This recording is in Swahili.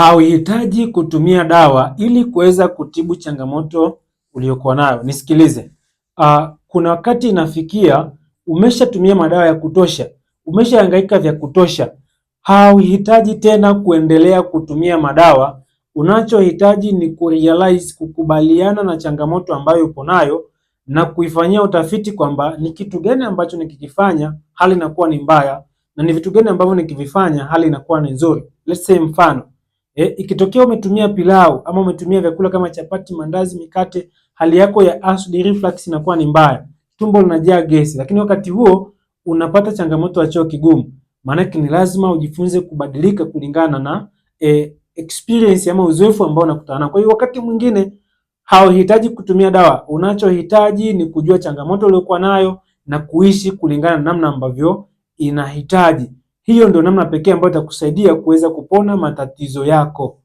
hauhitaji kutumia dawa ili kuweza kutibu changamoto uliyokuwa nayo. Nisikilize. Uh, kuna wakati inafikia umeshatumia madawa ya kutosha, umeshahangaika vya kutosha, hauhitaji tena kuendelea kutumia madawa. Unachohitaji ni kurealize, kukubaliana na changamoto ambayo uko nayo na kuifanyia utafiti kwamba ni kitu gani ambacho nikikifanya hali inakuwa ni mbaya na ni vitu gani ambavyo nikivifanya hali inakuwa ni nzuri. Let's say mfano E, ikitokea umetumia pilau ama umetumia vyakula kama chapati, mandazi, mikate, hali yako ya acid reflux inakuwa ni mbaya, tumbo linajaa gesi, lakini wakati huo unapata changamoto ya choo kigumu. Maanake ni lazima ujifunze kubadilika kulingana na e, experience ama uzoefu ambao unakutana Kwa hiyo wakati mwingine hauhitaji kutumia dawa, unachohitaji ni kujua changamoto uliokuwa nayo na kuishi kulingana na namna ambavyo inahitaji. Hiyo ndio namna pekee ambayo itakusaidia kuweza kupona matatizo yako.